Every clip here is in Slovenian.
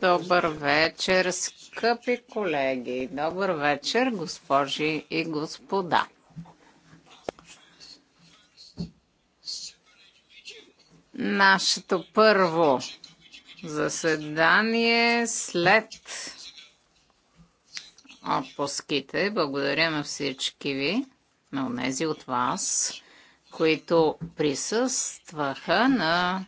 Dobar večer, skrbi kolegi. Dobar večer, gospoži in gospoda. Naše to prvo zasedanje sled opuskite. Благодаря на всички ви, на унези от вас, които които присъстваха на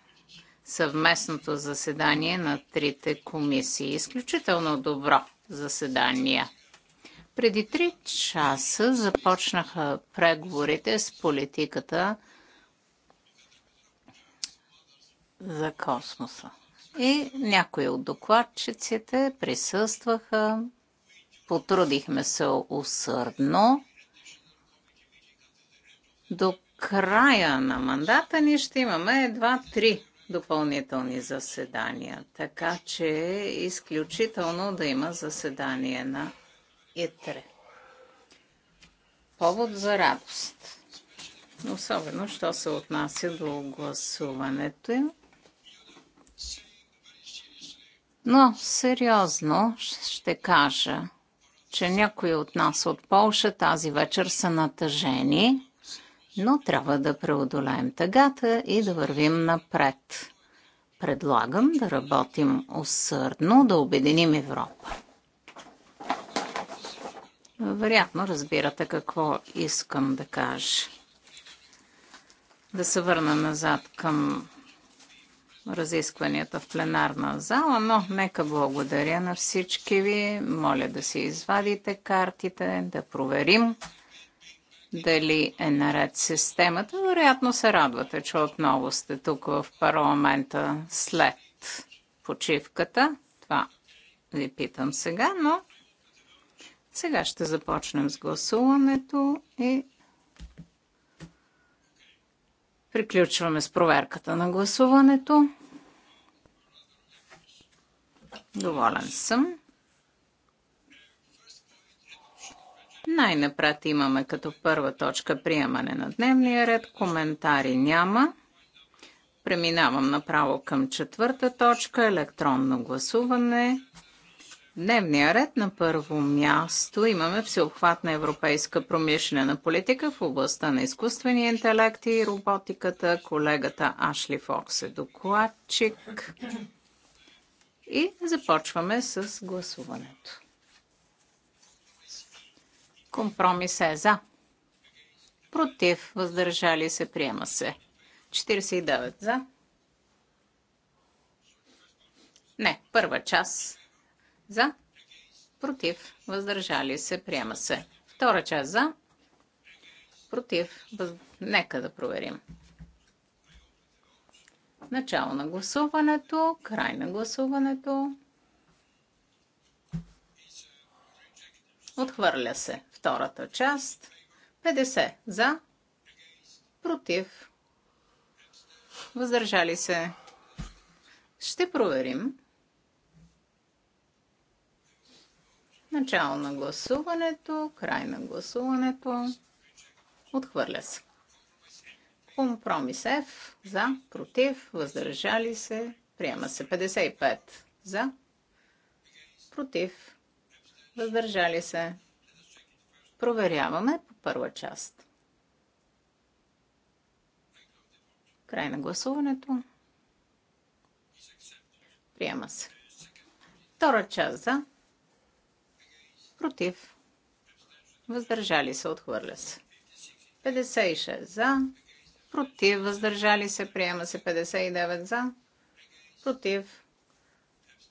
съвместното заседание на трите комисии. Изключително добро заседание. Преди три часа започнаха преговорите с политиката за космоса. И някои от докладчиците присъстваха, потрудихме се усърдно, докато kraja na mandata ni štima, me je dva, tri dopolnitevni zasedanja. Tako, če je izključitevno, da ima zasedanje na etre. Povod za radost. Особено, що се отнася до гласуването им. Но сериозно ще кажа, че някои от нас от Польша тази вечер са натъжени, но no, трябва да преодолеем тъгата и да вървим напред. Предлагам да работим усърдно, да обединим Европа. Вероятно разбирате какво искам да кажа. Да се върна назад към разискванията в пленарна зала, но нека благодаря на всички ви. Моля да си извадите картите, да проверим дали е наред системата. Вероятно се радвате, че отново сте тук в парламента след почивката. Това ви питам сега, но сега ще започнем с гласуването и приключваме с проверката на гласуването. Доволен съм. Naj ne pratimame, kato prva točka prijemane na dnevni red, komentari njama. Преминавам направо към четвърта точка – електронно гласуване. Дневния ред на първо място имаме всеобхватна европейска промишлена политика в областта на изкуствения интелект и роботиката. Колегата Ашли Фокс е докладчик. И започваме с гласуването. Компромисс е за. Против, въздържали се, приема се. 49 за. Не, първа част за. Против, въздържали се, приема се. Втора част за. Против, въз... нека да проверим. Начало на гласуването, край на гласуването. Отхвърля се втората част. 50 за, против, въздържали се. Ще проверим. Начало на гласуването, край на гласуването. Отхвърля се. Компромис F за, против, въздържали се. Приема се 55 за, против, въздържали се. Проверяваме по първа част. Край на гласуването. Приема се. Втора част за. Против. Въздържали се. Отхвърля се. 56 за. Против. Въздържали се. Приема се. 59 за. Против.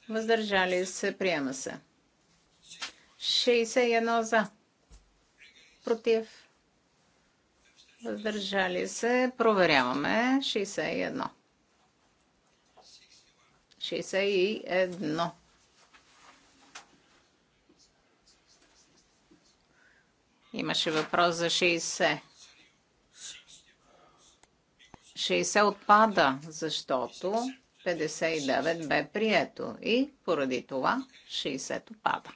Въздържали се. Приема се. 61 за против? Въздържали се. Проверяваме. 61. 61. Имаше въпрос за 60. 60 отпада, защото 59 бе прието. И поради това 60 отпада.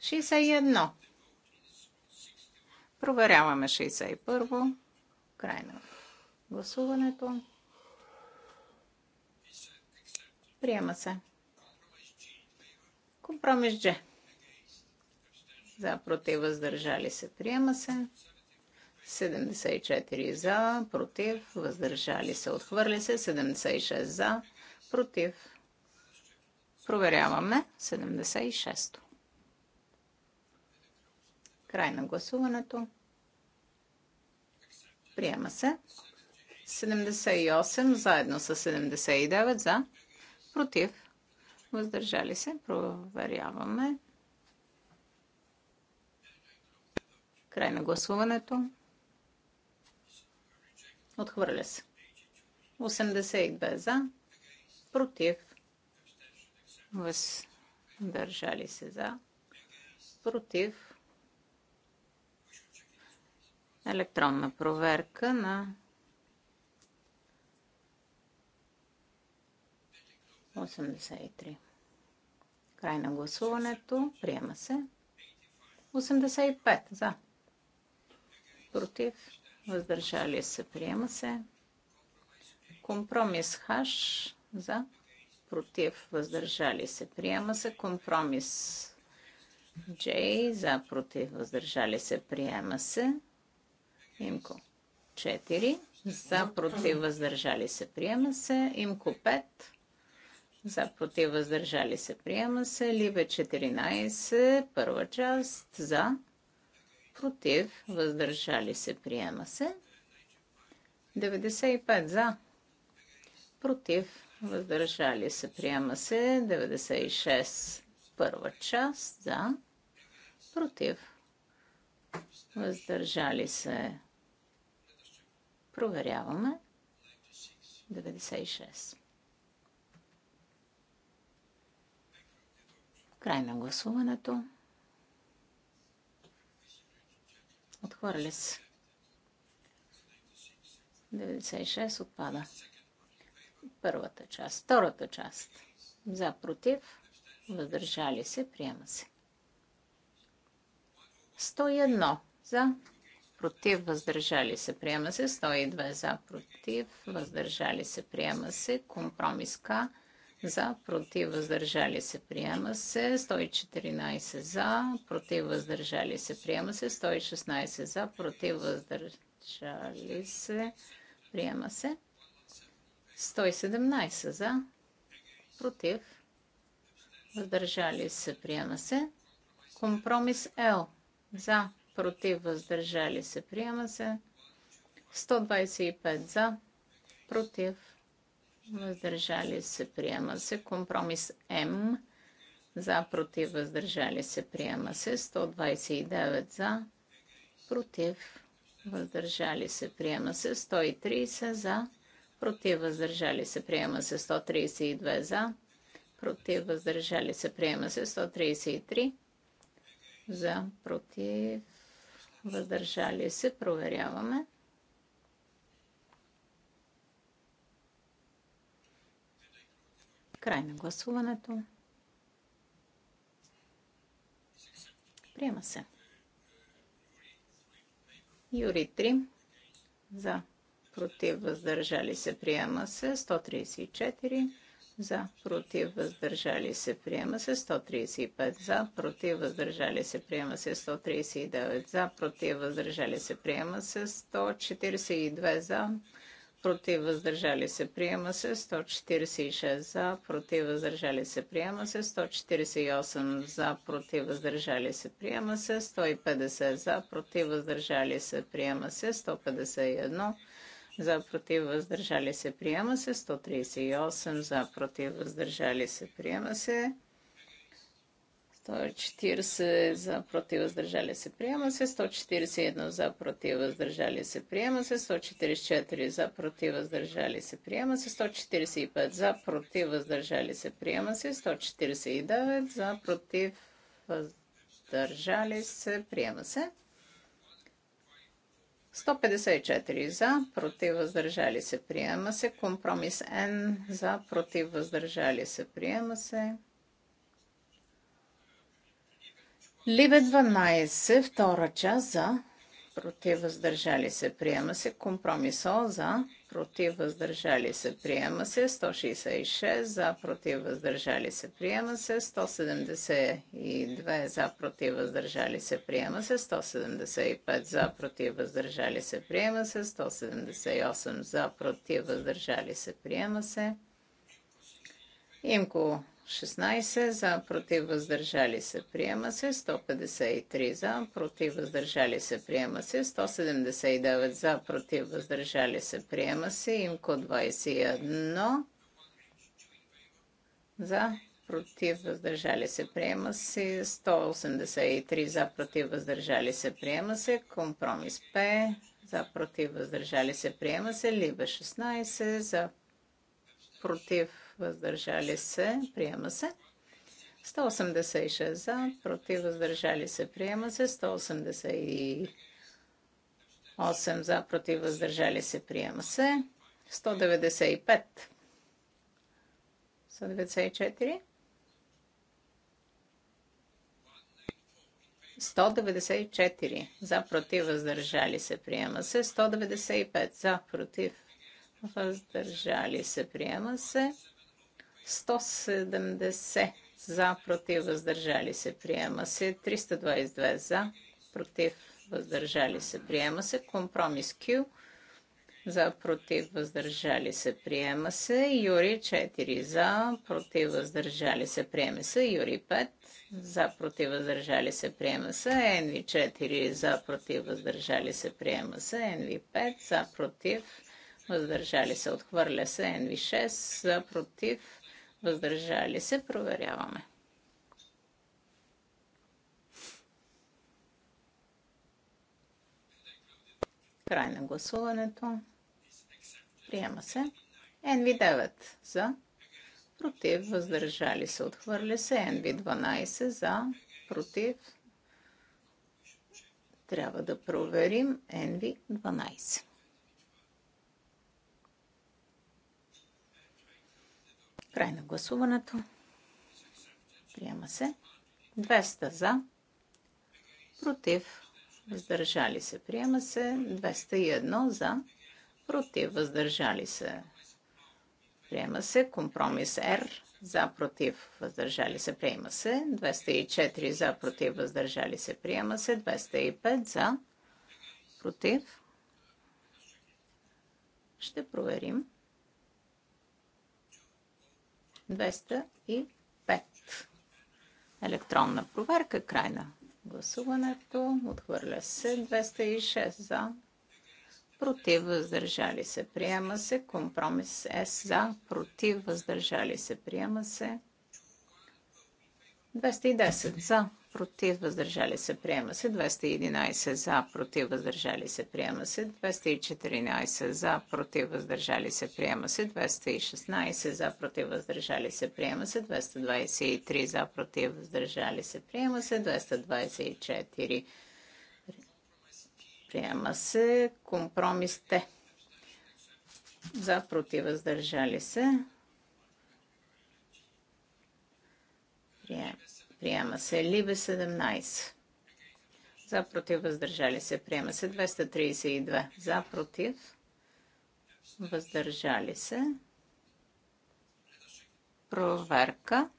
61. Проверяваме 61-во. Край на гласуването. Приема се. Компромис G. За, против, въздържали се. Приема се. 74 за, против, въздържали се. Отхвърли се. 76 за, против. Проверяваме. 76-то край на гласуването. Приема се. 78 заедно с 79 за. Против. Въздържали се. Проверяваме. Край на гласуването. Отхвърля се. 82 за. Против. Въздържали се за. Против. Електронна проверка на осемдесет и три. Край на гласуването. Приема се. Осемдесет и пет. За. Против. Въздържали се. Приема се. Компромис хаш. За. Против. Въздържали се. Приема се. Компромис джей. За. Против. Въздържали се. Приема се. Приема се. Имко 4. За, против, въздържали се, приема се. Имко 5. За, против, въздържали се, приема се. Либе 14. Първа част. За, против, въздържали се, приема се. 95. За, против, въздържали се, приема се. 96. Първа част. За, против, въздържали се, приема се. Проверяваме. 96. Край на гласуването. Отхвърля се. 96 отпада. Първата част. Втората част. За против. Въздържали се. Приема се. 101 за против, въздържали се, приема се. 102 за, против, въздържали се, приема се. Компромиска за, против, въздържали се, приема се. 114 за, против, въздържали се, приема се. 116 за, против, въздържали се, приема се. 117 за, против, въздържали се, приема се. Компромис L за, против, въздържали се, приема се против, въздържали се, приема се. 125 за, против, въздържали се, приема се. Компромис М, за, против, въздържали се, приема се. 129 за, против, въздържали се, приема се. 130 за, против, въздържали се, приема се. 132 за, против, въздържали се, приема се. 133 за, против, Vzdržali se, proverjavame. Kraj na glasovanje tu. Prijema se. Juri 3. Za proti vzdržali se, prijema se. 134. 134 za, proti, vzdržali se, prijema se 135 za, proti, vzdržali se, prijema se 139 za, proti, vzdržali se, prijema se 142 za, proti, vzdržali se, prijema se 146 za, proti, vzdržali se, prijema se 148 za, proti, vzdržali se, prijema se 150 za, proti, vzdržali se, prijema se 151 za за против въздържали се приема се 138 за против въздържали се приема се 140 за против въздържали се приема се 141 за против въздържали се приема се 144 за против въздържали се приема се 145 за против въздържали се приема се 149 за против въздържали се приема се 154 za, proti vzdržali se prijema se, kompromis en za, proti vzdržali se prijema se. Leve 12, vtora čas za, proti vzdržali se prijema se, kompromis o za против, въздържали се. Приема се 166 за, против, въздържали се. Приема се 172 за, против, въздържали се. Приема се 175 за, против, въздържали се. Приема се 178 за, против, въздържали се. Приема се. Имко 16 за, против, въздържали се, приема се, 153 за, против, въздържали се, приема се, 179 за, против, въздържали се, приема се, имко 21 за, против, въздържали се, приема се, 183 за, против, въздържали се, приема се, компромис П, за, против, въздържали се, приема се, либо 16 за, против, воздържали се, приема се. 186 за, против, въздържали се, приема се. 188 за, против, въздържали се, приема се. 195. 194. За, против, въздържали се, приема се. 195 за, против, въздържали се, приема се. 195. 170 za, proti vzdržali se, prijema se 322 za, proti vzdržali se, prijema se kompromis Q, za, proti vzdržali se, prijema se Juri 4 za, proti vzdržali se, prijema se Juri 5, za, proti vzdržali se, prijema se Envi 4 za, proti vzdržali se, prijema se Envi 5, za, proti vzdržali se, odhvrlja se Envi 6, za, proti vzdržali se, prijema se. Vzdržali se, proverjavame. Kraj na glasovanje to. Prijema se. NV9 za. Protiv, vzdržali se, odhvrli se. NV12 za. Protiv. Treba da proverim NV12. NV12. Край на гласуването. Приема се. 200 за. Против. Въздържали се. Приема се. 201 за. Против. Въздържали се. Приема се. Компромис Р. За. Против. Въздържали се. Приема се. 204 за. Против. Въздържали се. Приема се. 205 за. Против. Ще проверим. 205. 205 електронна проверка, край на гласуването, отхвърля се 206 за, против въздържали се, приема се, компромис С за, против въздържали се, приема се, 210 за. Протест въздържали се приема се 211 за, против въздържали се приема се 214 за, против въздържали се приема се 216 за, против въздържали се приема се 223 за, против въздържали се приема се 224 приема се компромисте за, против въздържали се приема се. Prijema se levi 17. Za protiv воздържали се. Prijema se 232. За против. Въздържали се. Проверка.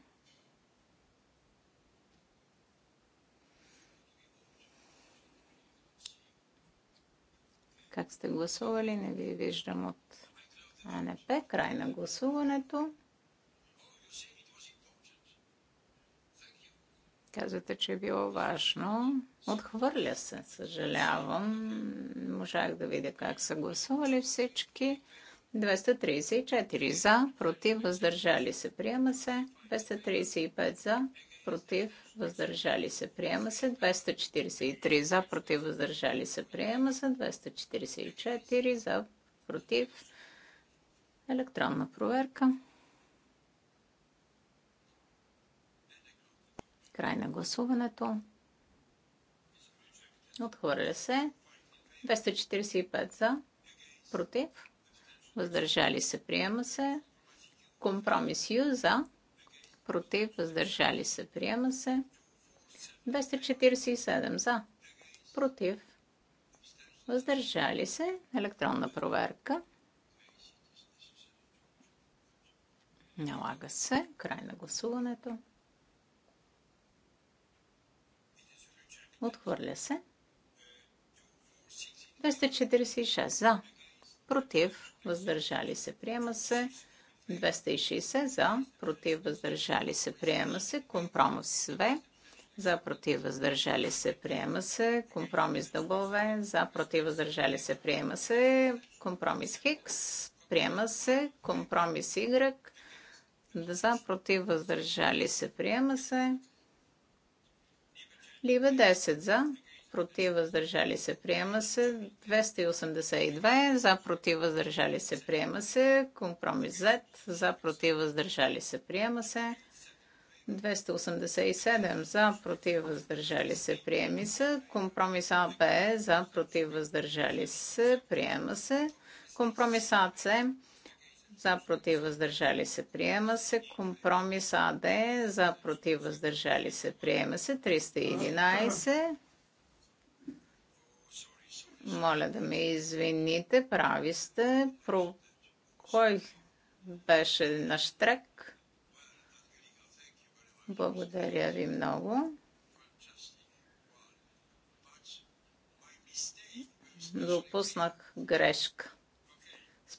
Как сте гласували? Не ви виждам от АНП. Край на гласуването. Казвате, че е било важно. Отхвърля се, съжалявам. Можах да видя как са гласували всички. 234 за, против, въздържали се, приема се. 235 за, против, въздържали се, приема се. 243 за, против, въздържали се, приема се. 244 за, против. Електронна проверка. край на гласуването. Отхвърля се. 245 за. Против. Въздържали се. Приема се. Компромис Ю за. Против. Въздържали се. Приема се. 247 за. Против. Въздържали се. Електронна проверка. Налага се. Край на гласуването. отхвърля се. 246 за, против, въздържали се, приема се. 260 за, против, въздържали се, приема се. Компромис све, за, против, въздържали се, приема се. Компромис дъгове, за, против, въздържали се, приема се. Компромис хикс, приема се. Компромис Y, за, против, въздържали се, приема се. Лива 10 за, против въздържали се, приема се. 282 за, против въздържали се, приема се. Компромис Z за, против въздържали се, приема се. 287 за, против въздържали се, приеми се. Компромис АБ за, против въздържали се, приема се. Компромис АЦ за, за, против, въздържали се, приема се. Компромис АД, за, против, въздържали се, приема се. 311. Моля да ме извините, прави сте. Про... Кой беше на штрек? Благодаря ви много. Допуснах грешка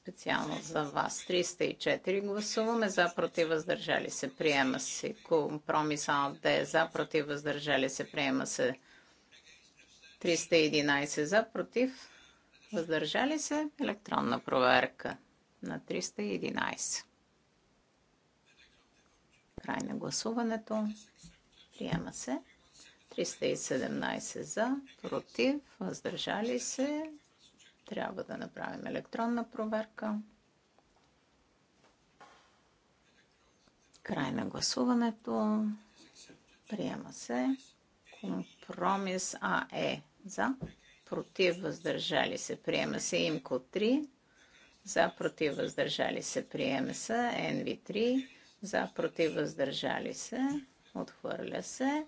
специално за вас. 304 гласуваме за против въздържали се. Приема се компромиса да е за против въздържали се. Приема се 311 за против въздържали се. Електронна проверка на 311. Край на гласуването. Приема се. 317 за, против, въздържали се, трябва да направим електронна проверка. Край на гласуването. Приема се. Компромис А е за. Против въздържали се. Приема се имко 3. За против въздържали се. Приема се НВ3. За против въздържали се. Отхвърля се.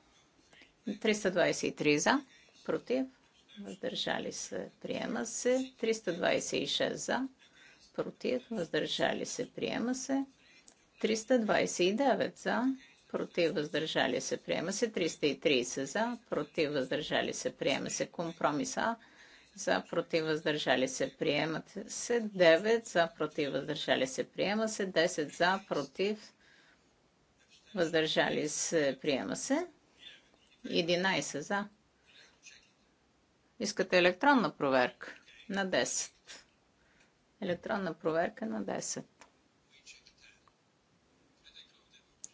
323 за. Против. Воздержали се приема се. 326 за. Против. Воздержали се приема се. 329 за. Против. Воздержали се приема се. 330 за. Против. Воздержали се приема се. Компромиса. За. Против. Воздържали се приема се. 9 за. Против. Воздържали се приема се. 10 за. Против. Въздържали се, приема се. 11 за. Iskate elektronno proverko na 10. Elektronno proverko na 10.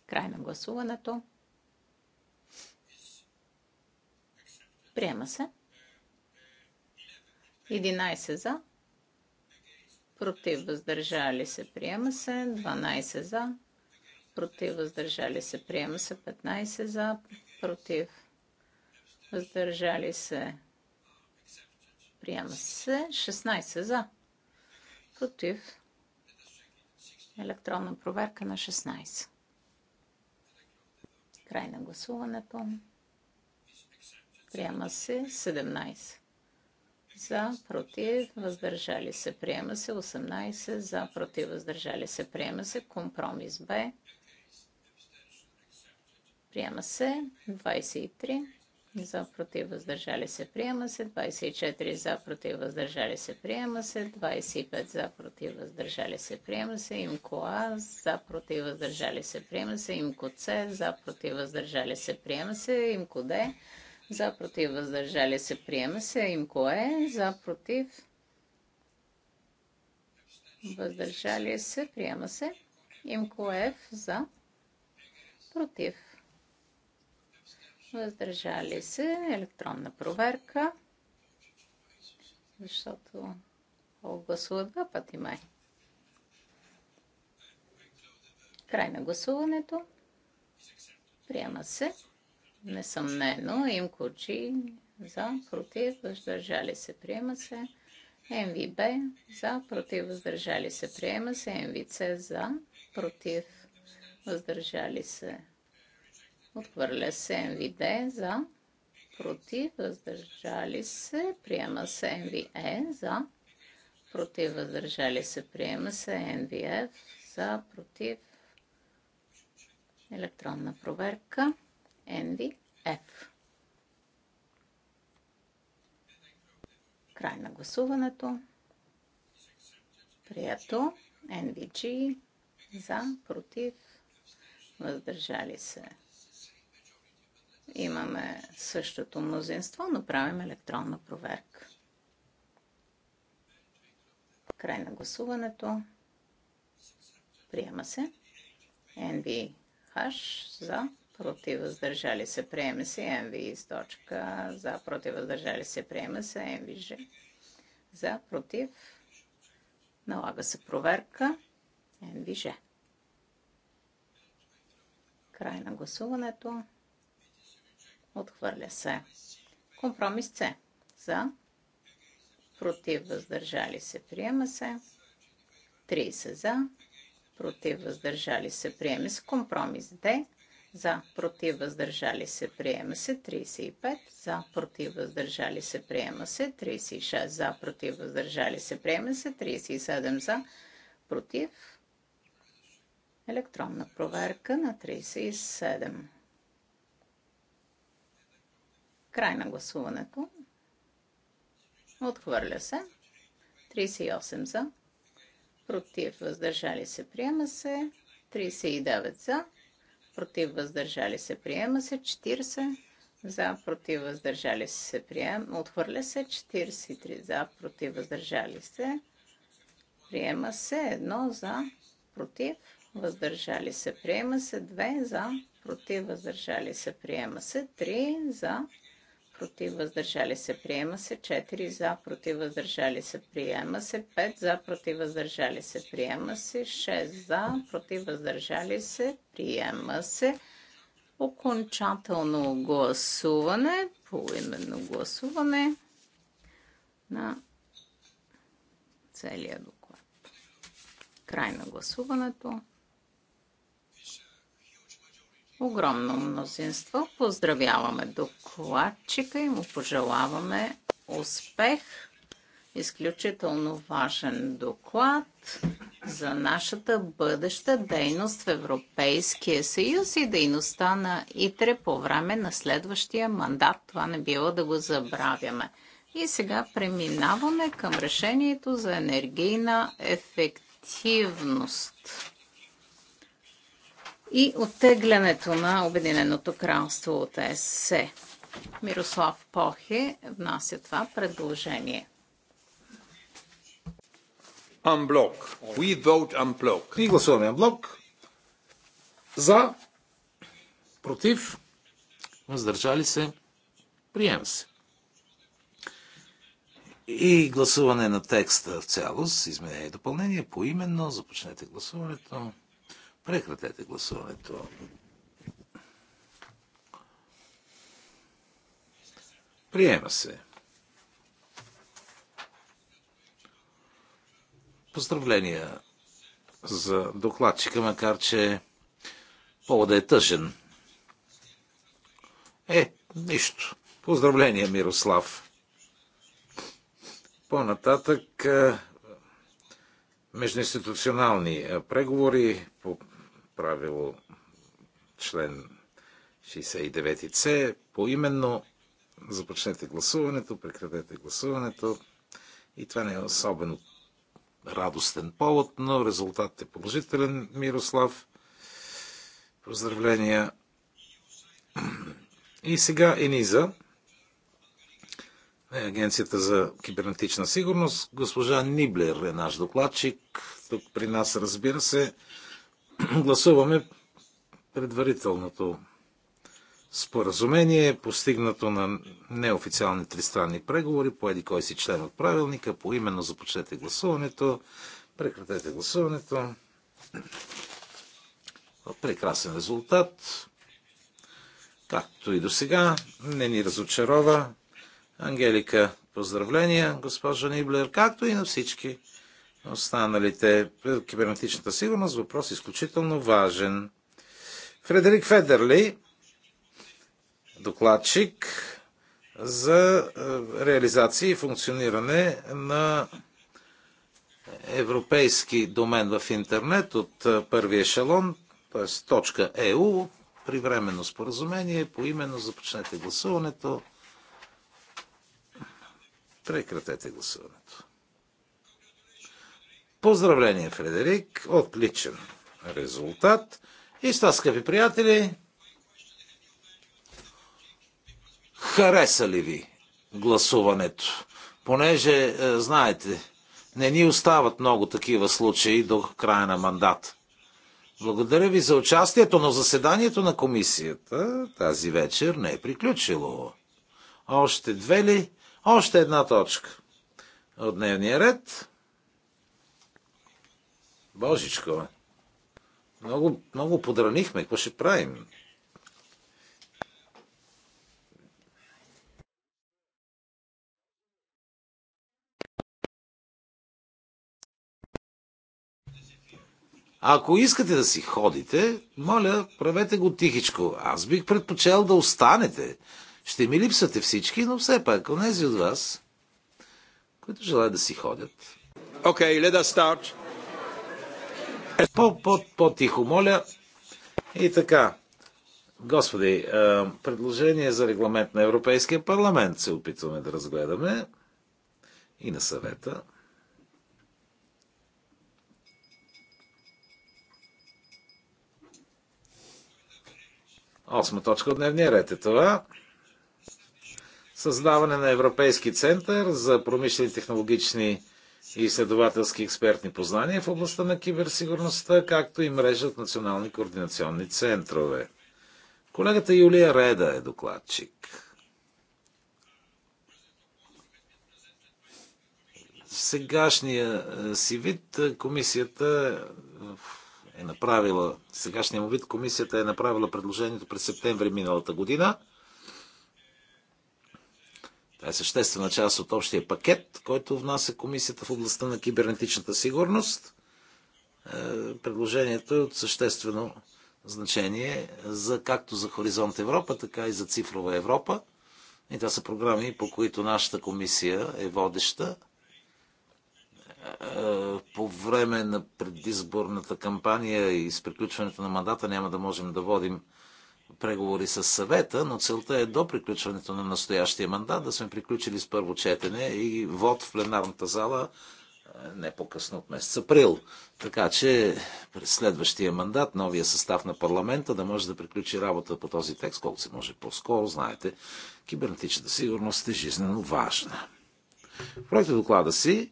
Kraj nam glasuje na to. Prijema se. 11 za. Proti vzdržali se, prijema se. 12 za. Proti vzdržali se, prijema se. 15 za. Proti vzdržali se. Приема се. 16 за. Против. Електронна проверка на 16. Край на гласуването. Приема се. 17. За. Против. Въздържали се. Приема се. 18. За. Против. Въздържали се. Приема се. Компромис Б. Приема се. 23 за, против, въздържали се, приема се. 24 за, против, въздържали се, приема се. 25 за, против, въздържали се, приема се. Имко А, за, против, въздържали се, приема се. Имко С, за, против, въздържали се, приема се. Имко Д, за, против, въздържали се, приема се. Имко Е, за, против, въздържали се, приема се. Имко Ф, за, против, въздържали се, приема се. Въздържали се. Електронна проверка. Защото огласува два пъти май. Край на гласуването. Приема се. Несъмнено. Им кучи за, против, въздържали се, приема се. МВБ за, против, въздържали се, приема се. МВЦ за, против, въздържали се, Odprla se MV za, proti, vzdržali se, prijema se MV e za, proti, vzdržali se, prijema se MV za, proti, elektronna proverka, MV Kraj na glasovanju. Prijeto, NVG, za, proti, vzdržali se имаме същото мнозинство, но правим електронна проверка. Край на гласуването. Приема се. NVH за против въздържали се. Приема се. NVIS точка за против въздържали се. Приема се. NVG за против. Налага се проверка. NVG. Край на гласуването отхвърля се. Компромис С. За. Против въздържали се. Приема се. 3 са за. Против въздържали се. Приеме се. Компромис Д. За. Против въздържали се. Приема се. 35. За. Против въздържали се. Приема се. 36. За. Против въздържали се. Приема се. 37. За. Против. Електронна проверка на 37 край на гласуването. Отхвърля се. 38 за. Против въздържали се, приема се. 39 за. Против въздържали се, приема се. 40 за. Против въздържали се, приема. Отхвърля се. 43 за. Против въздържали се. Приема се. 1 за. Против въздържали се, приема се. 2 за. Против въздържали се, приема се. 3 за против, въздържали се, приема се, 4 за, против, въздържали се, приема се, 5 за, против, въздържали се, приема се, 6 за, против, въздържали се, приема се. Окончателно гласуване, поименно гласуване на целият доклад. Край на гласуването ogromno mnozinstvo. Pozdravljavame dokladčike in mu poželavame uspeh. Изключително важен доклад за нашата бъдеща дейност в Европейския съюз и дейността на ИТРЕ по време на следващия мандат. Това не било да го забравяме. И сега преминаваме към решението за енергийна ефективност и оттеглянето на Обединеното кралство от СС. Мирослав Похе внася това предложение. Unblock. We vote unblock. Ние гласуваме unblock. За, против, въздържали се, прием се. И гласуване на текста в цялост, изменение и допълнение, поименно, започнете гласуването. Прекратете гласуването. Приема се. Поздравления за докладчика, макар че поводът е тъжен. Е, нищо. Поздравления, Мирослав. По-нататък междуинституционални преговори по правило член 69C, поименно започнете гласуването, прекратете гласуването и това не е особено радостен повод, но резултатът е положителен, Мирослав. Поздравления. И сега Ениза, Агенцията за кибернетична сигурност. Госпожа Ниблер е наш докладчик. Тук при нас, разбира се, гласуваме предварителното споразумение, постигнато на неофициални тристранни преговори, по еди кой си член от правилника, по именно започнете гласуването, прекратете гласуването. Прекрасен резултат. Както и до сега, не ни разочарова. Ангелика, поздравления, госпожа Ниблер, както и на всички останалите кибернетичната сигурност, въпрос изключително важен. Фредерик Федерли, докладчик за реализация и функциониране на европейски домен в интернет от първия ешелон, т.е. точка EU, при временно споразумение, поименно започнете гласуването. Прекратете гласуването. Поздравление, Фредерик. Отличен резултат. И с това, скъпи приятели, хареса ли ви гласуването? Понеже, знаете, не ни остават много такива случаи до края на мандат. Благодаря ви за участието, но заседанието на комисията тази вечер не е приключило. Още две ли? Още една точка от дневния ред. Božičko, mnogo, mnogo podranih me, pa še pravim. Ако искате да си ходите, моля, правете го тихичко. Аз бих предпочел да останете. Ще ми липсвате всички, но все пак, онези от вас, които желаят да си ходят. Окей, okay, let us start. По-тихо, -по моля. И така, господи, предложение за регламент на Европейския парламент се опитваме да разгледаме и на съвета. Осма точка от дневния ред е това. Създаване на Европейски център за промишлени технологични технологични изследователски експертни познания в областта на киберсигурността, както и мрежа от национални координационни центрове. Колегата Юлия Реда е докладчик. Сегашния си вид комисията е направила сегашния му вид комисията е направила предложението през септември миналата година. Това е съществена част от общия пакет, който внася комисията в областта на кибернетичната сигурност. Предложението е от съществено значение за както за Хоризонт Европа, така и за Цифрова Европа. И това са програми, по които нашата комисия е водеща. По време на предизборната кампания и с приключването на мандата няма да можем да водим преговори с съвета, но целта е до приключването на настоящия мандат да сме приключили с първо четене и вод в пленарната зала не по-късно от месец април. Така че през следващия мандат, новия състав на парламента да може да приключи работа по този текст, колкото се може по-скоро, знаете, кибернетичната сигурност е жизнено важна. Проекта доклада си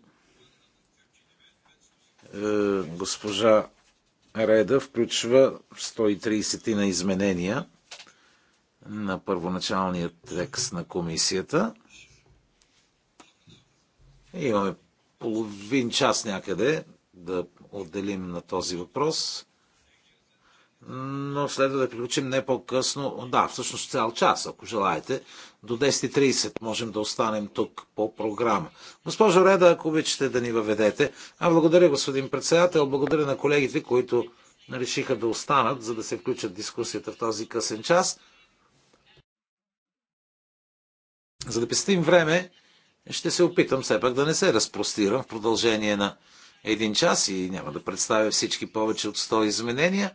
е, госпожа Реда включва 130 на изменения на първоначалния текст на комисията. И имаме половин час някъде да отделим на този въпрос но следва да приключим не по-късно, да, всъщност цял час, ако желаете, до 10.30 можем да останем тук по програма. Госпожо Реда, ако обичате да ни въведете, а благодаря господин председател, благодаря на колегите, които решиха да останат, за да се включат в дискусията в този късен час. За да пестим време, ще се опитам все пак да не се разпростирам в продължение на един час и няма да представя всички повече от 100 изменения.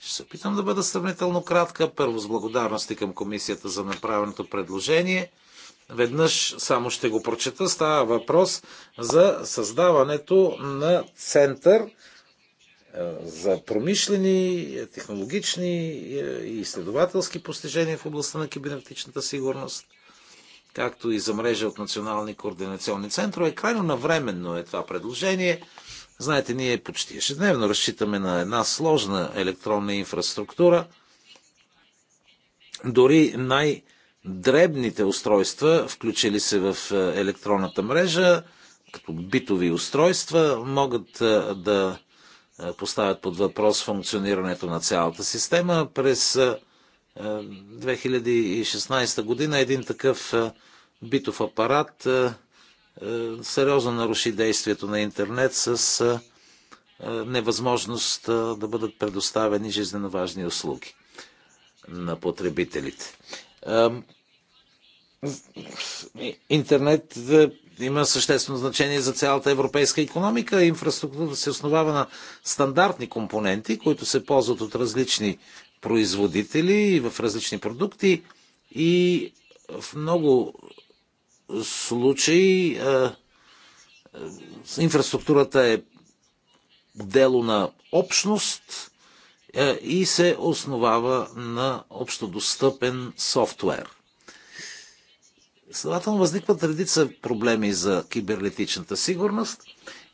Ще се опитам да бъда сравнително кратка. Първо с благодарности към комисията за направеното предложение. Веднъж само ще го прочета. Става въпрос за създаването на център за промишлени, технологични и изследователски постижения в областта на кибернетичната сигурност, както и за мрежа от национални координационни центрове. Крайно навременно е това предложение. Знаете, ние почти ежедневно разчитаме на една сложна електронна инфраструктура. Дори най-дребните устройства, включили се в електронната мрежа, като битови устройства, могат да поставят под въпрос функционирането на цялата система. През 2016 година един такъв битов апарат сериозно наруши действието на интернет с невъзможност да бъдат предоставени жизненно важни услуги на потребителите. Интернет има съществено значение за цялата европейска економика. Инфраструктурата се основава на стандартни компоненти, които се ползват от различни производители и в различни продукти. И в много случаи инфраструктурата е дело на общност и се основава на общодостъпен софтуер. Следователно възникват редица проблеми за кибернетичната сигурност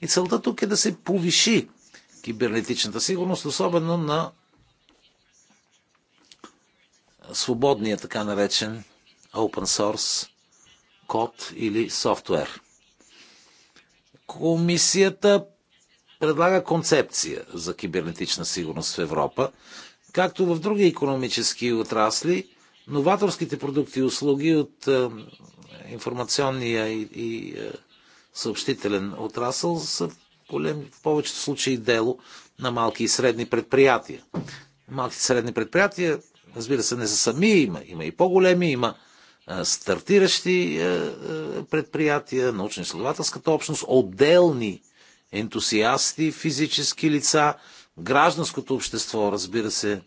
и целта тук е да се повиши кибернетичната сигурност, особено на свободния, така наречен, open source код или софтуер. Комисията предлага концепция за кибернетична сигурност в Европа, както в други економически отрасли, новаторските продукти и услуги от е, информационния и, и е, съобщителен отрасъл са голем, в повечето случаи дело на малки и средни предприятия. Малки и средни предприятия, разбира се, не са сами, има, има и по-големи, има стартиращи предприятия, научно-изследователската общност, отделни ентусиасти, физически лица, гражданското общество, разбира се,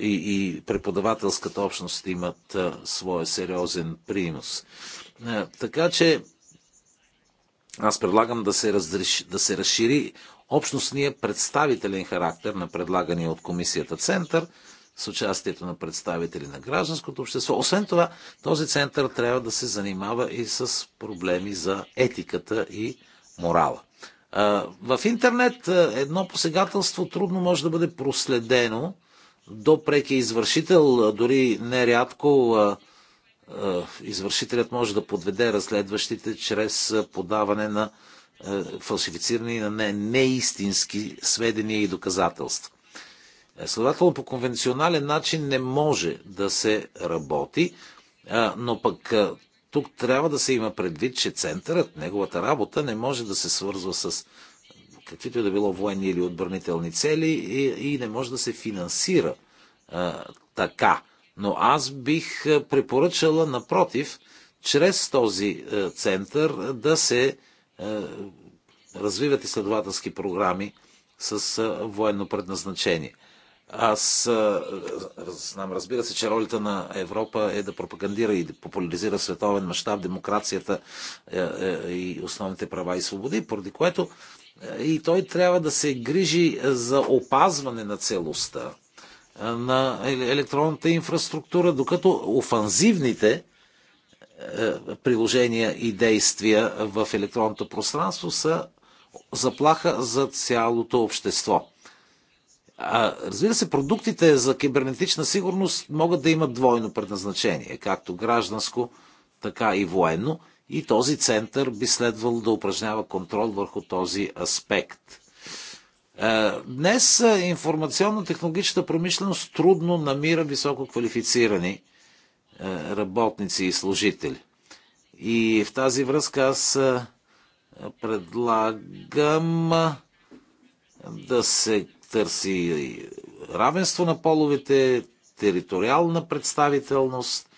и, и преподавателската общност имат своя сериозен принос. Така че аз предлагам да се, разреш, да се разшири общностния представителен характер на предлагания от комисията Център с участието на представители на гражданското общество. Освен това, този център трябва да се занимава и с проблеми за етиката и морала. В интернет едно посегателство трудно може да бъде проследено до прекия извършител, дори нерядко извършителят може да подведе разследващите чрез подаване на фалсифицирани на не, неистински сведения и доказателства. Следователно по конвенционален начин не може да се работи, но пък тук трябва да се има предвид, че центърът, неговата работа не може да се свързва с каквито и да било военни или отбранителни цели и не може да се финансира така. Но аз бих препоръчала, напротив, чрез този център да се развиват изследователски програми с военно предназначение. Аз знам, разбира се, че ролята на Европа е да пропагандира и да популяризира световен мащаб демокрацията и основните права и свободи, поради което и той трябва да се грижи за опазване на целостта на електронната инфраструктура, докато офанзивните приложения и действия в електронното пространство са заплаха за цялото общество. А, разбира се, продуктите за кибернетична сигурност могат да имат двойно предназначение, както гражданско, така и военно. И този център би следвало да упражнява контрол върху този аспект. Днес информационно-технологичната промишленост трудно намира високо квалифицирани работници и служители. И в тази връзка аз предлагам да се търси равенство на половете, териториална представителност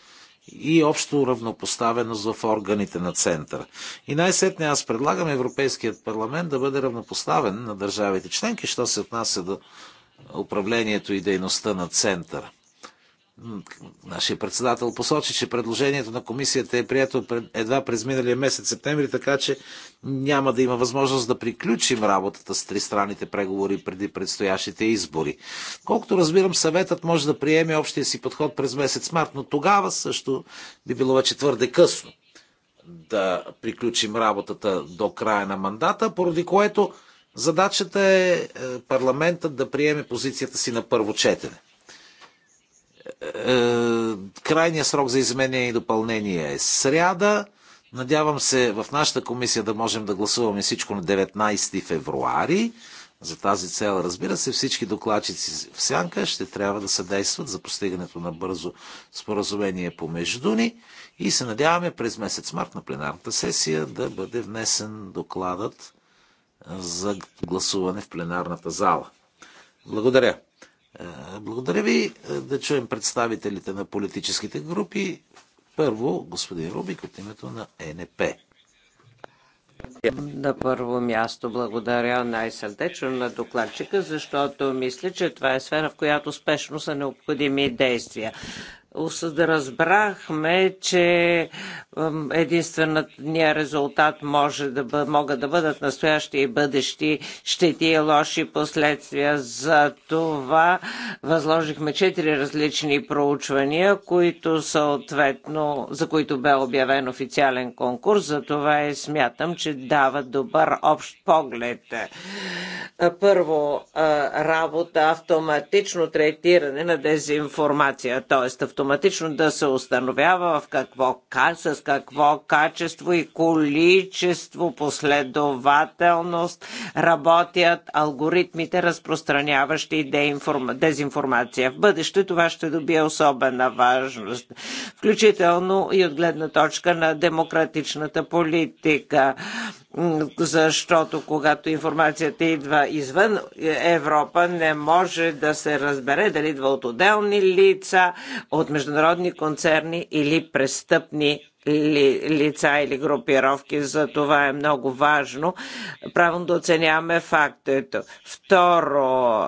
и общо равнопоставеност в органите на центъра. И най-сетне аз предлагам Европейският парламент да бъде равнопоставен на държавите членки, що се отнася до управлението и дейността на центъра нашия председател посочи, че предложението на комисията е прието едва през миналия месец септември, така че няма да има възможност да приключим работата с тристранните преговори преди предстоящите избори. Колкото разбирам, съветът може да приеме общия си подход през месец март, но тогава също би било вече твърде късно да приключим работата до края на мандата, поради което задачата е парламентът да приеме позицията си на първо четене крайният срок за изменение и допълнение е сряда. Надявам се в нашата комисия да можем да гласуваме всичко на 19 февруари. За тази цел, разбира се, всички докладчици в Сянка ще трябва да съдействат за постигането на бързо споразумение помежду ни. И се надяваме през месец март на пленарната сесия да бъде внесен докладът за гласуване в пленарната зала. Благодаря. Благодаря ви да чуем представителите на политическите групи. Първо, господин Рубик, от името на ЕНП. На първо място благодаря най-сърдечно на докладчика, защото мисля, че това е сфера, в която спешно са необходими действия да разбрахме, че единствената резултат може да бъ, могат да бъдат настоящи и бъдещи щети и лоши последствия. За това възложихме четири различни проучвания, които съответно, за които бе обявен официален конкурс. За това и смятам, че дава добър общ поглед. Първо, работа, автоматично третиране на дезинформация, т.е. автоматично автоматично да се установява в какво, с какво качество и количество последователност работят алгоритмите, разпространяващи дезинформация. В бъдеще това ще добие особена важност, включително и от гледна точка на демократичната политика защото когато информацията идва извън Европа, не може да се разбере дали идва от отделни лица, от от международни концерни или престъпни ли, лица или групировки. За това е много важно правилно да оценяваме фактите. Второ,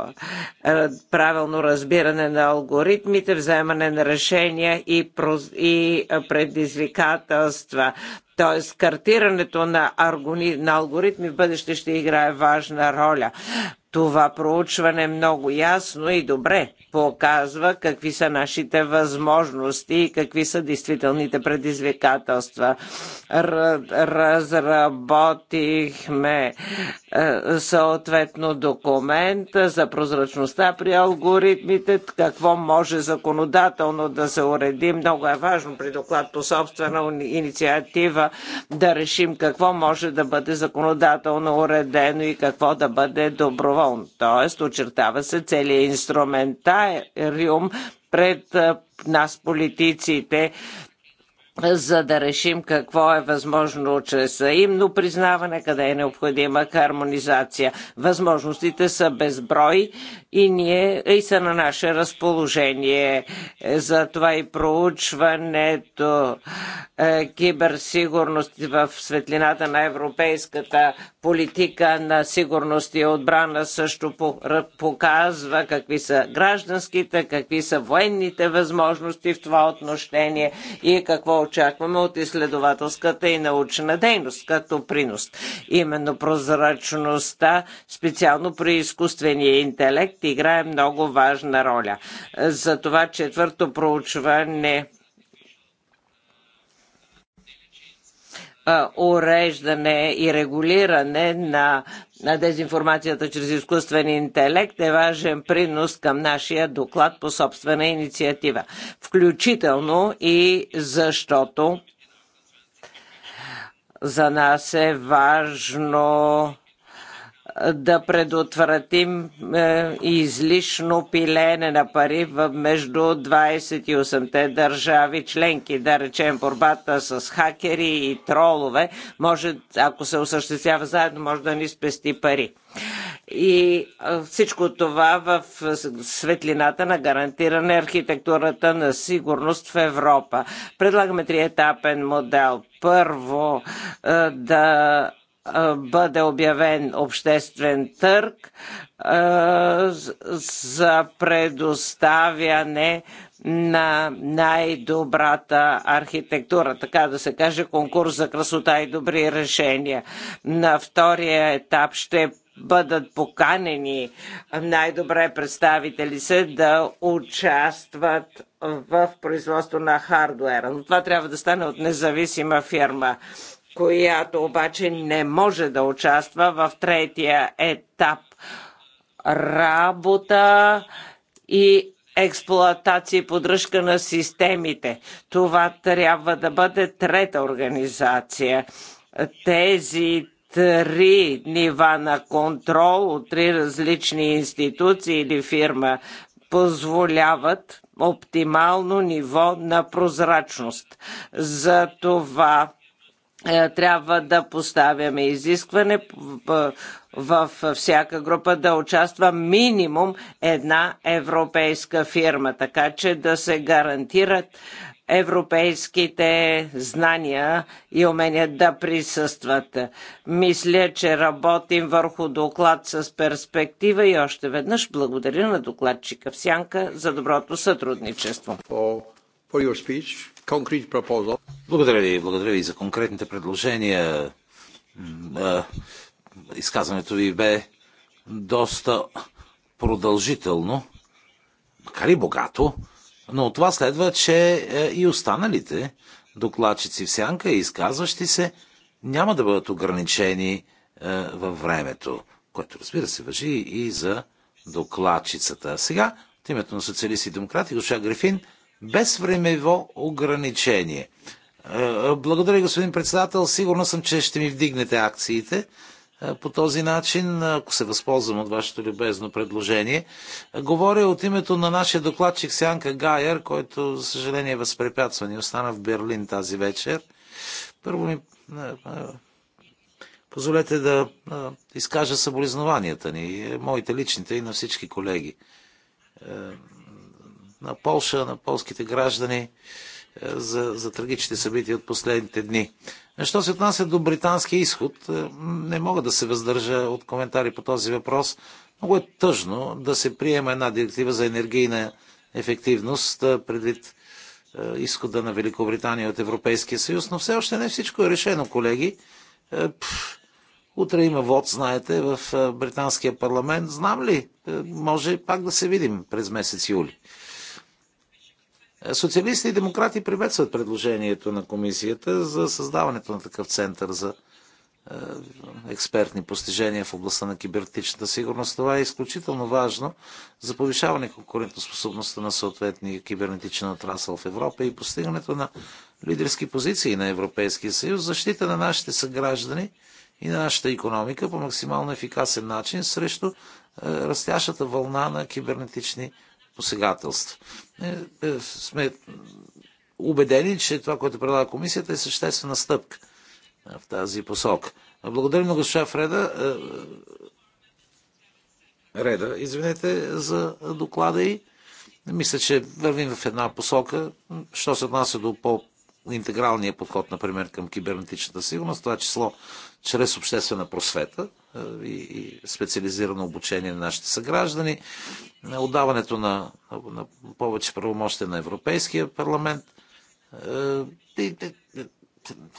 правилно разбиране на алгоритмите, вземане на решения и, проз... и предизвикателства. Тоест, картирането на, аргони... на алгоритми в бъдеще ще играе важна роля. Това проучване много ясно и добре показва какви са нашите възможности и какви са действителните предизвикателства. Р- разработихме е, съответно документ за прозрачността при алгоритмите, какво може законодателно да се уреди. Много е важно при доклад по собствена инициатива да решим какво може да бъде законодателно уредено и какво да бъде доброволно. Тоест, очертава се целият инструментар ohrabrujem pred nas politici te за да решим какво е възможно чрез имно признаване, къде е необходима хармонизация. Възможностите са безброй и, ние, и са на наше разположение. За това и проучването е, киберсигурност в светлината на европейската политика на сигурност и отбрана също показва какви са гражданските, какви са военните възможности в това отношение и какво очакваме от изследователската и научна дейност, като принос. Именно прозрачността, специално при изкуствения интелект, играе много важна роля. За това четвърто проучване уреждане и регулиране на, на дезинформацията чрез изкуствен интелект е важен принос към нашия доклад по собствена инициатива. Включително и защото за нас е важно да предотвратим излишно пилене на пари между 28-те държави членки. Да речем, борбата с хакери и тролове може, ако се осъществява заедно, може да ни спести пари. И всичко това в светлината на гарантиране архитектурата на сигурност в Европа. Предлагаме триетапен модел. Първо да бъде обявен обществен търг за предоставяне на най-добрата архитектура, така да се каже, конкурс за красота и добри решения. На втория етап ще бъдат поканени най-добре представители се да участват в производство на хардуера. Но това трябва да стане от независима фирма която обаче не може да участва в третия етап работа и експлуатация и поддръжка на системите. Това трябва да бъде трета организация. Тези три нива на контрол от три различни институции или фирма позволяват оптимално ниво на прозрачност. За това трябва да поставяме изискване в всяка група да участва минимум една европейска фирма, така че да се гарантират европейските знания и умения да присъстват. Мисля, че работим върху доклад с перспектива и още веднъж благодаря на докладчика Всянка за доброто сътрудничество. For, for your speech concrete proposal. Благодаря ви, благодаря ви за конкретните предложения. Изказването ви бе доста продължително, макар и богато, но от това следва, че и останалите докладчици в сянка и изказващи се няма да бъдат ограничени във времето, което разбира се въжи и за докладчицата. Сега, от името на социалисти и демократи, госпожа Грифин, безвремево ограничение. Благодаря, господин председател. Сигурно съм, че ще ми вдигнете акциите по този начин, ако се възползвам от вашето любезно предложение. Говоря от името на нашия докладчик Сянка Гайер, който, за съжаление, е възпрепятстван и остана в Берлин тази вечер. Първо ми позволете да изкажа съболезнованията ни, моите личните и на всички колеги на Полша, на полските граждани за, за трагичните събития от последните дни. Що се отнася до британския изход, не мога да се въздържа от коментари по този въпрос. Много е тъжно да се приема една директива за енергийна ефективност предвид изхода на Великобритания от Европейския съюз, но все още не всичко е решено, колеги. Утре има вод, знаете, в британския парламент. Знам ли? Може пак да се видим през месец юли. Социалисти и демократи приветстват предложението на комисията за създаването на такъв център за експертни постижения в областта на кибернетичната сигурност. Това е изключително важно за повишаване конкурентоспособността на съответния кибернетичен отрасъл в Европа и постигането на лидерски позиции на Европейския съюз, защита на нашите съграждани и на нашата економика по максимално ефикасен начин срещу растящата вълна на кибернетични посегателство. Сме убедени, че това, което предлага комисията, е съществена стъпка в тази посока. Благодарим на госпожа Фреда. Реда, извинете за доклада и мисля, че вървим в една посока. Що се отнася до по интегралния подход, например, към кибернетичната сигурност, това число чрез обществена просвета и специализирано обучение на нашите съграждани, отдаването на, на, на повече правомощия на Европейския парламент.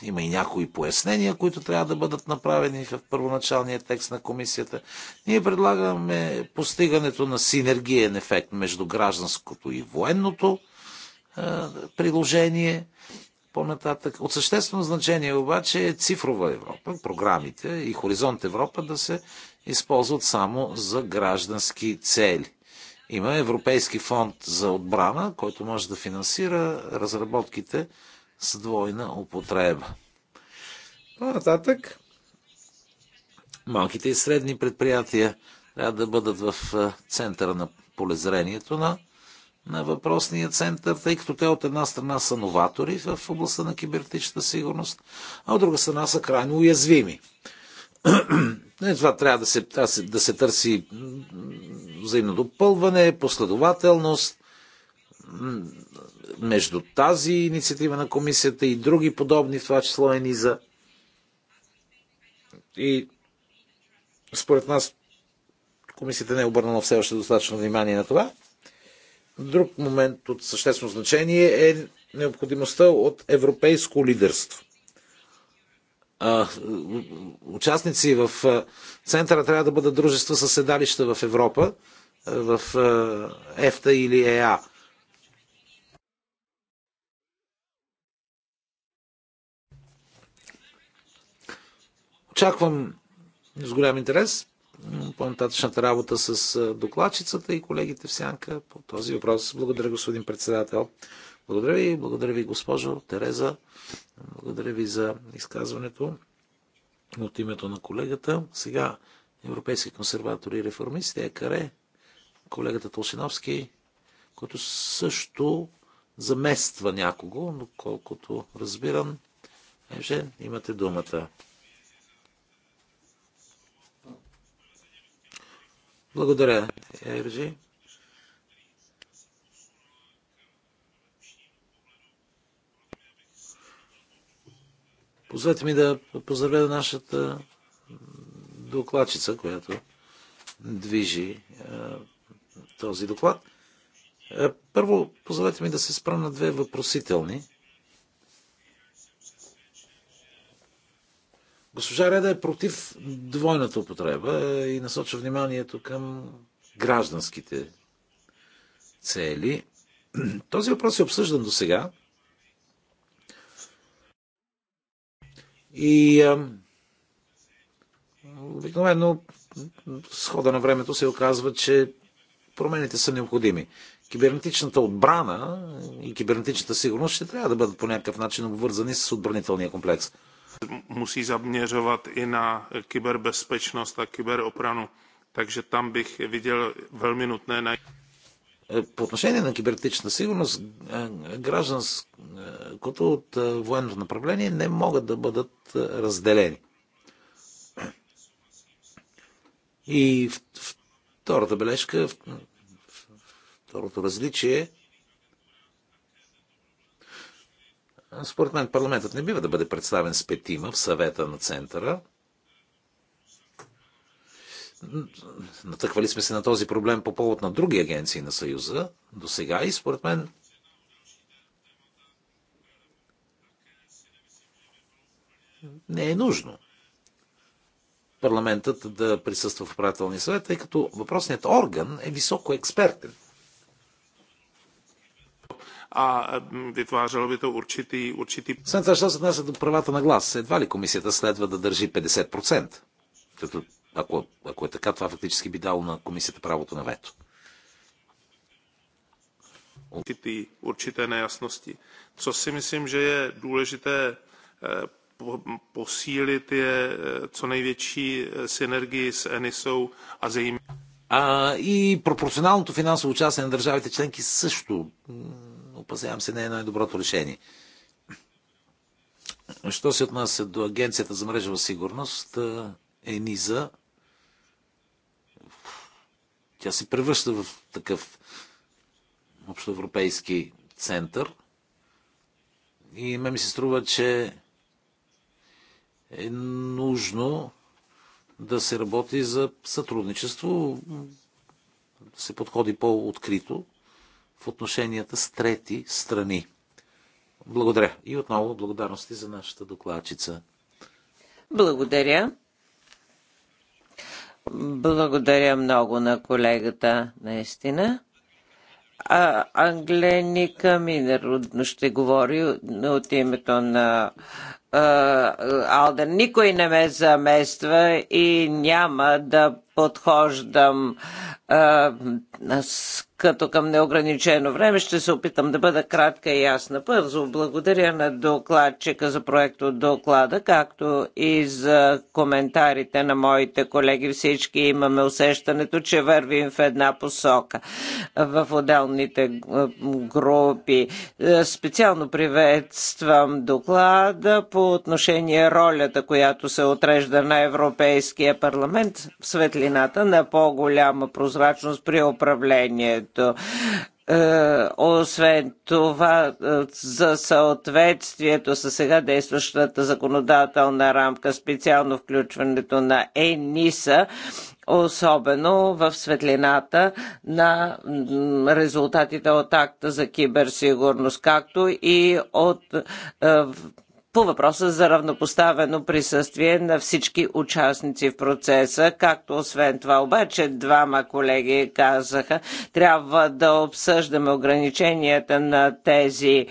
Има и някои пояснения, които трябва да бъдат направени в първоначалния текст на комисията. Ние предлагаме постигането на синергиен ефект между гражданското и военното приложение. По-нататък от съществено значение обаче е цифрова Европа, програмите и Хоризонт Европа да се използват само за граждански цели. Има Европейски фонд за отбрана, който може да финансира разработките с двойна употреба. По-нататък малките и средни предприятия трябва да бъдат в центъра на полезрението на на въпросния център, тъй като те от една страна са новатори в областта на кибернетичната сигурност, а от друга страна са крайно уязвими. Това трябва да се, да се търси взаимно допълване, последователност между тази инициатива на комисията и други подобни, в това число е НИЗА. И според нас комисията не е обърнала все още достатъчно внимание на това. Друг момент от съществено значение е необходимостта от европейско лидерство. А, участници в центъра трябва да бъдат дружества с седалища в Европа, в ЕФТА или ЕА. Очаквам с голям интерес по-нататъчната работа с докладчицата и колегите в сянка по този въпрос. Благодаря, господин председател. Благодаря ви, благодаря ви, госпожо Тереза. Благодаря ви за изказването от името на колегата. Сега Европейски консерватори и реформисти, Екаре, колегата Толшиновски, който също замества някого, но колкото разбирам, Евжен, имате думата. Благодаря, Ерджи. Позвете ми да поздравя нашата докладчица, която движи този доклад. Първо, позволете ми да се спра на две въпросителни. Госпожа Реда е против двойната употреба и насочва вниманието към гражданските цели. Този въпрос е обсъждан до сега. И обикновено с хода на времето се оказва, че промените са необходими. Кибернетичната отбрана и кибернетичната сигурност ще трябва да бъдат по някакъв начин обвързани с отбранителния комплекс musí zaměřovat i na kyberbezpečnost a kyberopranu. Takže tam bych viděl velmi nutné na... По отношение на кибернетична сигурност, гражданското от военното направление не могат да бъдат разделени. И втората бележка, второто различие е, според мен парламентът не бива да бъде представен с петима в съвета на центъра. Натъквали сме се на този проблем по повод на други агенции на Съюза до сега и според мен не е нужно парламентът да присъства в управителния съвет, тъй като въпросният орган е високо експертен a mm, vytvářelo by to určitý... určitý... Jsem zašel se dnes to na glas. Dva li komisijeta sledva da drži 50%? Tato, ako, ako je така, това фактически би дало на комисията правото на вето. Určitý, určité nejasnosti. Co si myslím, že je důležité eh, posílit je eh, co největší eh, synergii s Enisou a zejména. A i proporcionální to finansové účastní na državy členky sešto mm опасявам се, не е най-доброто решение. Що се отнася до Агенцията за мрежова сигурност, ЕНИЗА, тя се превръща в такъв общоевропейски център. И ме ми се струва, че е нужно да се работи за сътрудничество, да се подходи по-открито в отношенията с трети страни. Благодаря. И отново благодарности за нашата докладчица. Благодаря. Благодаря много на колегата, наистина. А, Англеника Минер ще говори от името на а да никой не ме замества и няма да подхождам а, с, като към неограничено време. Ще се опитам да бъда кратка и ясна. Първо, благодаря на докладчика за проекто доклада, както и за коментарите на моите колеги. Всички имаме усещането, че вървим в една посока в отделните групи. Специално приветствам доклада по по отношение ролята, която се отрежда на Европейския парламент в светлината на по-голяма прозрачност при управлението. Освен това, за съответствието с сега действащата законодателна рамка, специално включването на ЕНИСА, особено в светлината на резултатите от акта за киберсигурност, както и от по въпроса за равнопоставено присъствие на всички участници в процеса, както освен това обаче двама колеги казаха, трябва да обсъждаме ограниченията на тези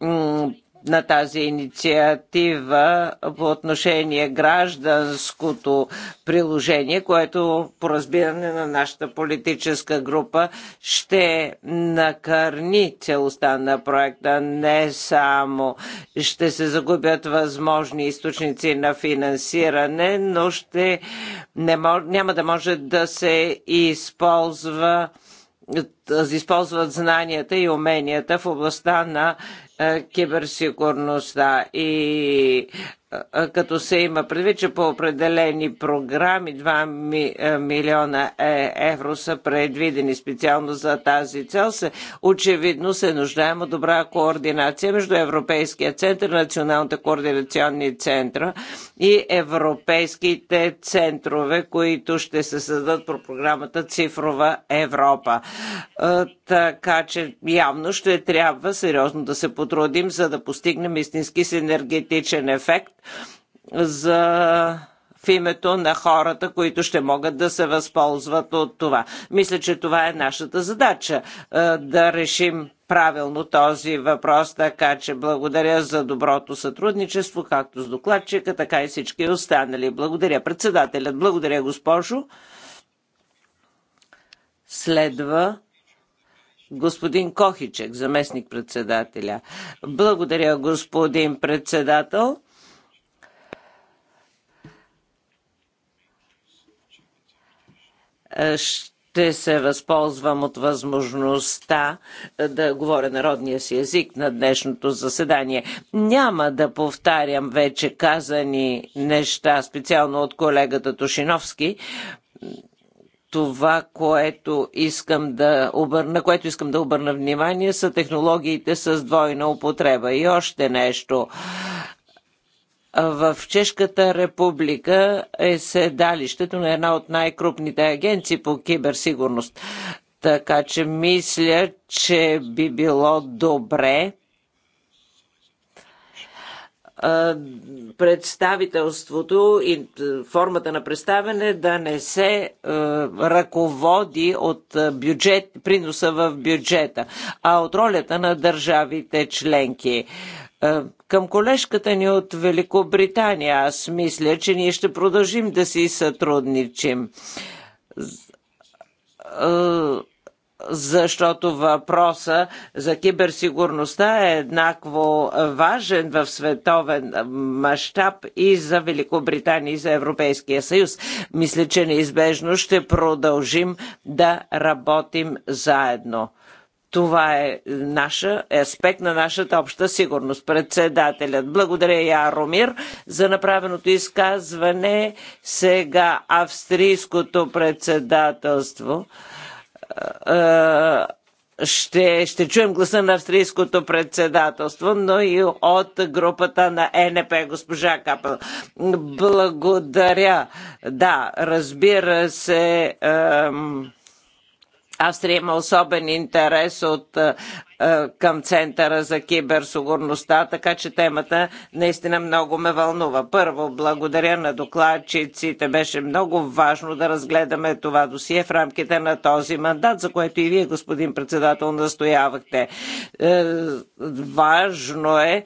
м- на тази инициатива по отношение гражданското приложение, което по разбиране на нашата политическа група ще накърни целостта на проекта. Не само ще се загубят възможни източници на финансиране, но ще не може, няма да може да се използва да се използват знанията и уменията в областта на киберсигурността и като се има предвид, че по определени програми 2 ми, милиона евро са предвидени специално за тази цел, се, очевидно се нуждаем от добра координация между Европейския център, Националните координационни центра и европейските центрове, които ще се създадат по програмата Цифрова Европа. Така че явно ще трябва сериозно да се потрудим, за да постигнем истински синергетичен ефект за в името на хората, които ще могат да се възползват от това. Мисля, че това е нашата задача да решим правилно този въпрос, така че благодаря за доброто сътрудничество, както с докладчика, така и всички останали. Благодаря, председателят. Благодаря, госпожо. Следва господин Кохичек, заместник председателя. Благодаря, господин председател. ще се възползвам от възможността да говоря народния си език на днешното заседание. Няма да повтарям вече казани неща, специално от колегата Тушиновски. Това, което искам да обърна, на което искам да обърна внимание, са технологиите с двойна употреба. И още нещо в Чешката република е седалището на една от най-крупните агенции по киберсигурност. Така че мисля, че би било добре представителството и формата на представяне да не се е, ръководи от бюджет, приноса в бюджета, а от ролята на държавите членки. Е, Към колежката ни от Великобритания, аз мисля, че ние ще продължим да си сътрудничим. Защото въпроса за киберсигурността е еднакво важен в световен мащаб и за Великобритания, и за Европейския съюз. Мисля, че неизбежно ще продължим да работим заедно. Това е наша аспект на нашата обща сигурност. Председателят, благодаря я, Ромир, за направеното изказване. Сега австрийското председателство. Ще, ще чуем гласа на австрийското председателство, но и от групата на НП, госпожа Капел. Благодаря. Да, разбира се. Е, Австрия има особен интерес от към Центъра за киберсигурността, така че темата наистина много ме вълнува. Първо, благодаря на докладчиците. Беше много важно да разгледаме това досие в рамките на този мандат, за което и вие, господин председател, настоявахте. Важно е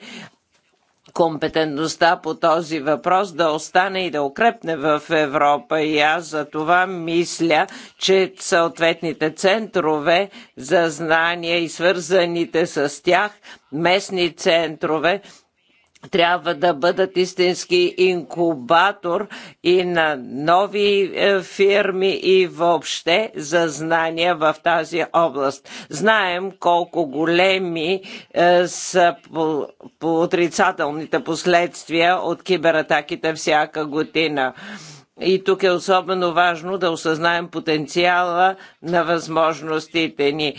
компетентността по този въпрос да остане и да укрепне в Европа. И аз за това мисля, че съответните центрове за знания и свързаните с тях местни центрове трябва да бъдат истински инкубатор и на нови фирми и въобще за знания в тази област. Знаем колко големи са по отрицателните последствия от кибератаките всяка година. И тук е особено важно да осъзнаем потенциала на възможностите ни.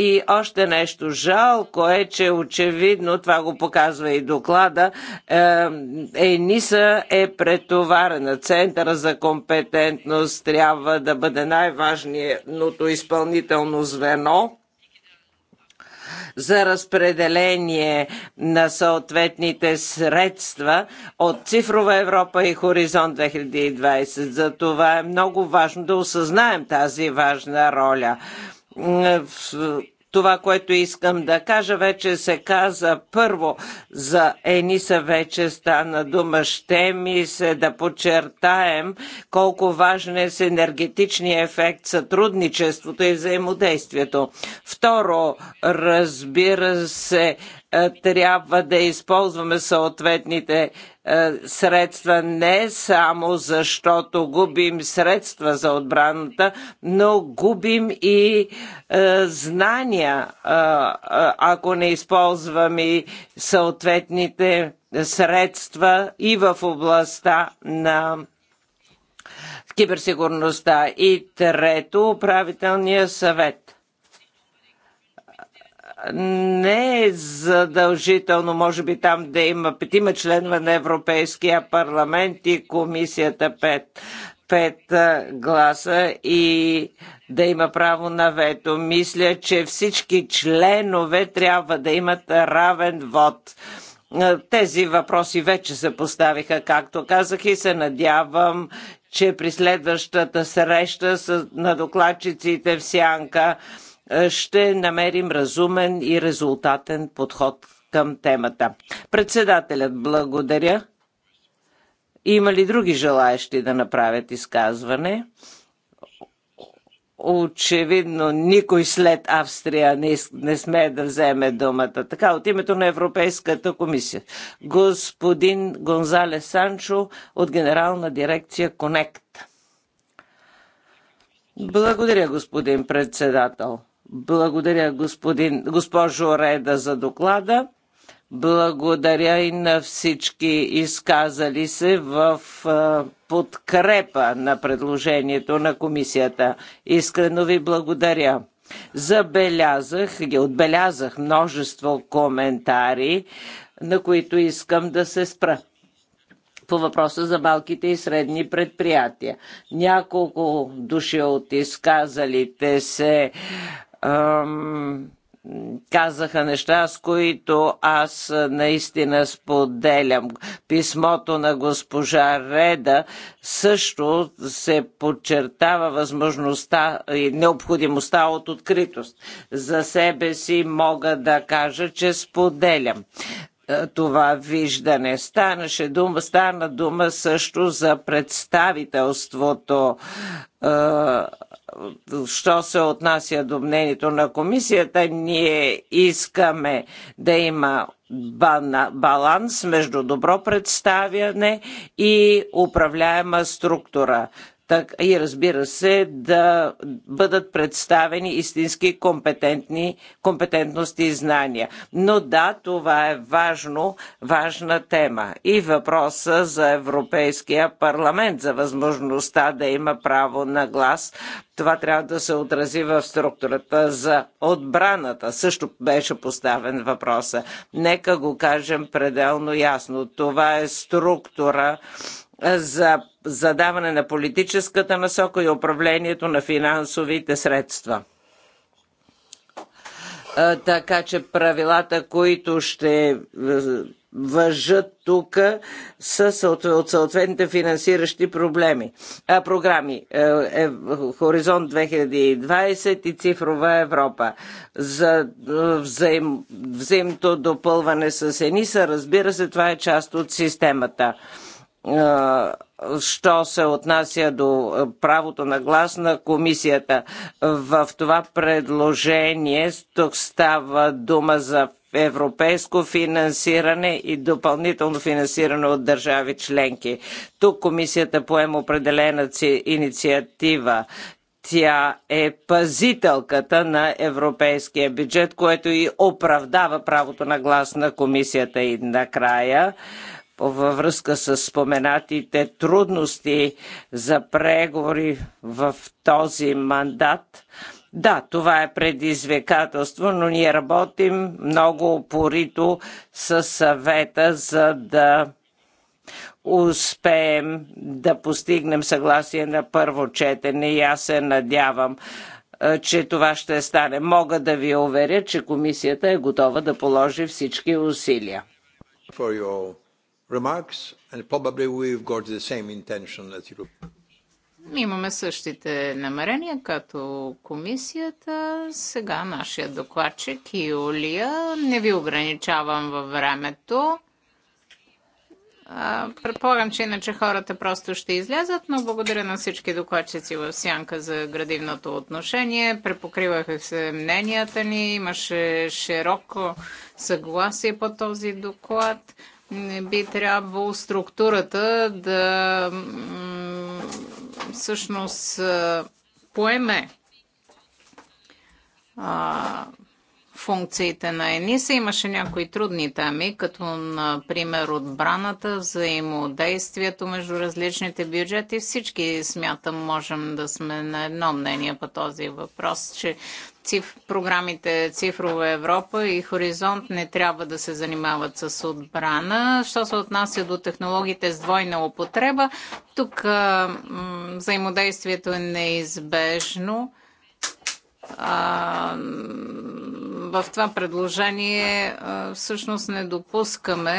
И още нещо жалко е, че очевидно, това го показва и доклада, ЕНИСА е претоварена. Центъра за компетентност трябва да бъде най-важното изпълнително звено за разпределение на съответните средства от Цифрова Европа и Хоризонт 2020. За това е много важно да осъзнаем тази важна роля това, което искам да кажа, вече се каза първо за Ениса, вече стана дума. Ще ми се да подчертаем колко важен е с енергетичния ефект сътрудничеството и взаимодействието. Второ, разбира се, трябва да използваме съответните средства не само защото губим средства за отбраната, но губим и е, знания, е, ако не използваме съответните средства и в областта на киберсигурността. И трето, управителния съвет – ne задължително, може би там да има петима членове на Европейския парламент и комисията пет, пет гласа и да има право на вето. Мисля, че всички членове трябва да имат равен вод. Тези въпроси вече се поставиха, както казах и се надявам, че при следващата среща на докладчиците в Сянка, ще намерим разумен и резултатен подход към темата. Председателят, благодаря. Има ли други желаящи да направят изказване? Очевидно, никой след Австрия не, не сме да вземе думата. Така, от името на Европейската комисия. Господин Гонзале Санчо от Генерална дирекция Конект. Благодаря, господин председател. Благодаря господин, госпожо Реда за доклада. Благодаря и на всички изказали се в подкрепа на предложението на комисията. Искрено ви благодаря. Забелязах и отбелязах множество коментари, на които искам да се спра. По въпроса за малките и средни предприятия. Няколко души от изказалите се казаха неща, с които аз наистина споделям. Писмото на госпожа Реда също се подчертава възможността и необходимостта от откритост. За себе си мога да кажа, че споделям това виждане. Станаше дума, стана дума също за представителството. Е, Што се однася до мнението на комисијата, ние искаме да има баланс меѓу добро представјање и управляема структура так и разбира се да бъдат представени истински компетентни, компетентности и знания. Но да, това е важно, важна тема. И въпроса за Европейския парламент, за възможността да има право на глас, това трябва да се отрази в структурата за отбраната. Също беше поставен въпроса. Нека го кажем пределно ясно. Това е структура за задаване на политическата насока и управлението на финансовите средства. Така че правилата, които ще въжат тук, са от съответните финансиращи проблеми. А, програми е Хоризонт 2020 и Цифрова Европа. За взаим, взаимното допълване с ЕНИСА, разбира се, това е част от системата що се отнася до правото на глас на комисията. В това предложение тук става дума за европейско финансиране и допълнително финансиране от държави членки. Тук комисията поема определена инициатива. Тя е пазителката на европейския бюджет, което и оправдава правото на глас на комисията и накрая. края във връзка с споменатите трудности за преговори в този мандат. Да, това е предизвикателство, но ние работим много упорито със съвета, за да успеем да постигнем съгласие на първо четене и аз се надявам, че това ще стане. Мога да ви уверя, че комисията е готова да положи всички усилия. For your remarks, and probably we've got the same intention at Europe. Имаме същите намерения като комисията. Сега нашия докладчик Юлия. Не ви ограничавам във времето. Предполагам, че иначе хората просто ще излязат, но благодаря на всички докладчици в Сянка за градивното отношение. Препокриваха се мненията ни. Имаше широко съгласие по този доклад би трябвало структурата да всъщност поеме а, функциите на ЕНИС. Имаше някои трудни теми, като например отбраната, взаимодействието между различните бюджети. Всички смятам, можем да сме на едно мнение по този въпрос, че циф... програмите Цифрова Европа и Хоризонт не трябва да се занимават с отбрана. Що се отнася до технологиите с двойна употреба, тук а, м- взаимодействието е неизбежно в това предложение всъщност не допускаме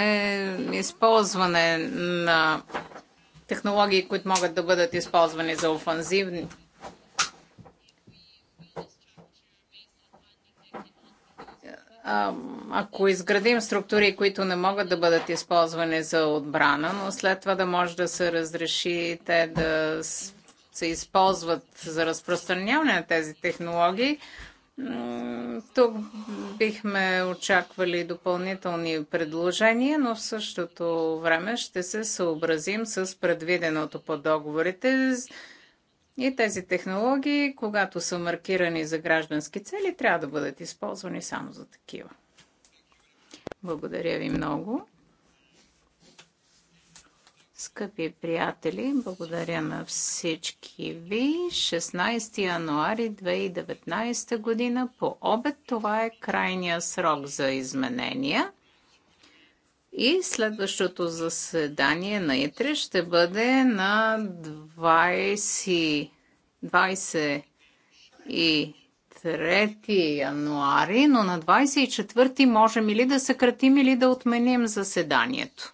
използване на технологии, които могат да бъдат използвани за офанзивни. Ако изградим структури, които не могат да бъдат използвани за отбрана, но след това да може да се разреши те да се използват за разпространяване на тези технологии, тук бихме очаквали допълнителни предложения, но в същото време ще се съобразим с предвиденото по договорите. И тези технологии, когато са маркирани за граждански цели, трябва да бъдат използвани само за такива. Благодаря ви много. Скъпи приятели, благодаря на всички ви. 16 януари 2019 година по обед това е крайния срок за изменения. И следващото заседание на ИТРЕ ще бъде на 20, 23 януари, но на 24 можем или да съкратим, или да отменим заседанието.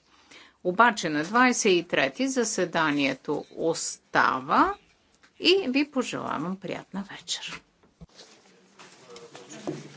Обаче на 23 заседанието остава и ви пожелавам приятна вечер. Thank you.